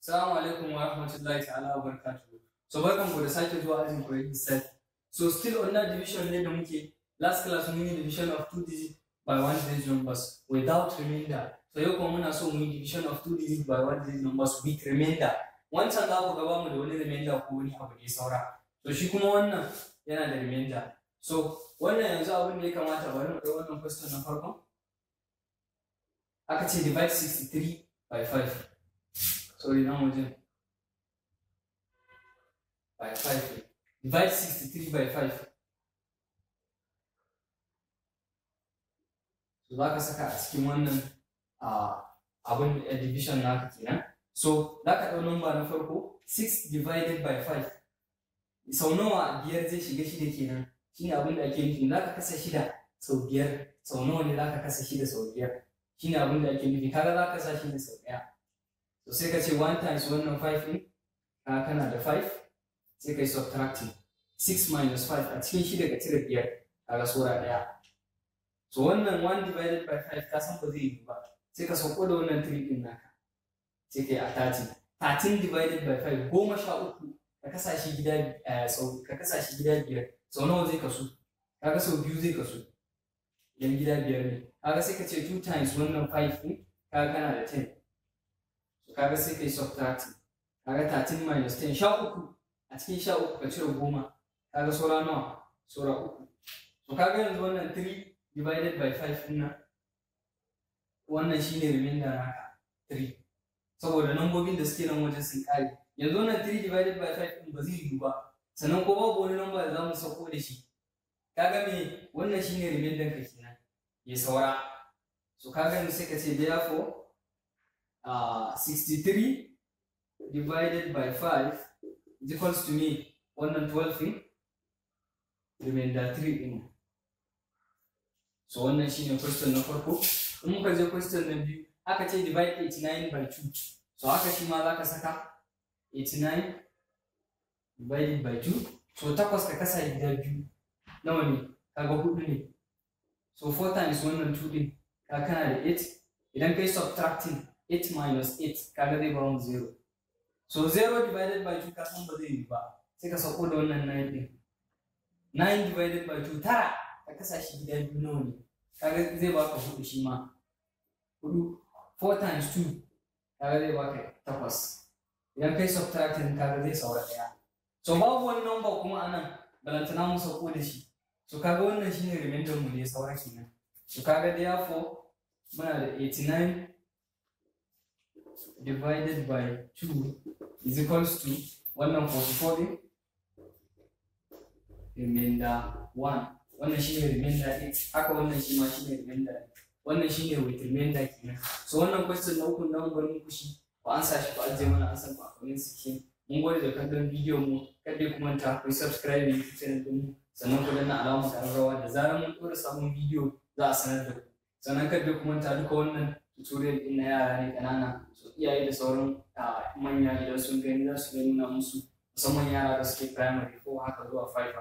Assalamu alaikum wa rahmatullahi ta'ala wa barakatuhu. So barkan ku da sake zuwa ajin koyon set. So still on that division ne da muke last class mun yi division of two digit by one digit numbers without remainder. So yau kuma muna so mun yi division of two digit by one digit numbers with remainder. Wancan za ku gaba mu da wani remainder ko wani abu ne saura. So shi kuma wannan yana da remainder. So wannan yanzu abin da ya kamata bari mu kai wannan question na farko. Aka ce divide 63 by 5. sorry nan wajen by 5 divide 63 by 5 so za ka saka a cikin wannan a eh, division now. kenan so za ka ɗau number na farko 6 divided by 5 sau nawa biyar zai shiga get kenan shine abin da ake nufi za ka kasa shida sau biyar sau nawa ne za ka kasa shida sau biyar shine abin da ake nufi kaga za ka kasa shida sau ɗaya so sai ka ce 1 times wannan 5 ne? ka kana da 5 sai ka yi subtracting 6 minus 5 a cikin shi daga cire biyar ga sura ɗaya so wannan 1 divided by 5 ka san ba zai yi ba sai ka sauko da wannan three din naka sai ka yi a 30 13 divided by 5 goma sha uku ka kasa shi gida eh, sau ka kasa shi gida biyar sau nawa zai kasu kaga sau biyu zai kasu idan gida biyar ne kaga sai ka ce 2 times wannan 5 Ka kaga kana da 10 to kaga sai kai subtract kaga 13 minus 10 sha uku a cikin sha uku ka cire goma kaga sura nawa sura uku to kaga yanzu wannan 3 divided by 5 din nan wannan shine remainder naka 3 saboda nambobin da suke nan wajen sun kare yanzu wannan 3 divided by 5 din ba zai yiwu ba sannan ko babu wani namba da za mu sauko da shi kaga me wannan shine remainder ka kenan ya saura so kaga yanzu sai ka ce therefore uh, ah, 63 divided by 5 is equals to me wannan in remainder 3 in so wannan shine question na farko in muka je question na biyu aka ce divide 89 by 2 so haka shi ma za ka saka 89 divided by 2 so takwas ka kasa gida biyu nawa ne kaga hudu ne so 4 times wannan 2 din ka kana da 8 idan kai subtracting h minus h kaga zai ba mu 0 so 0 divided by 2 ka san ba zai yi ba sai ka sauko da wannan 9 din 9 divided by 2 tara ka kasa shi gida biyu nawa ne kaga zai baka hudu shi ma hudu 4 times 2 kaga zai baka takwas idan kai subtracting kaga zai saura daya so babu wani number kuma anan balantana mu sauko da shi so kaga wannan shine remainder mu ne saura kenan so kaga therefore muna da 89 divided by 2 is equals to wannan 44 din remainder 1 wannan shine remainder din haka wannan shi ma shine remainder wannan shine with remainder kenan so wannan question na uku nan gwanin ku shi ku ansa shi ku ajiye mana ansa ku a comment section mun gode da kallon bidiyon mu kada ku manta ku subscribe YouTube channel din sannan ku danna alamar karrawa da zarar mun dora sabon bidiyo za a sanar da ku sannan kada ku manta duka wannan turai din na yara ne kanana so iyaye da sauran manya idan sun gani za su gani na musu musamman yara da suke primary ko haka zuwa five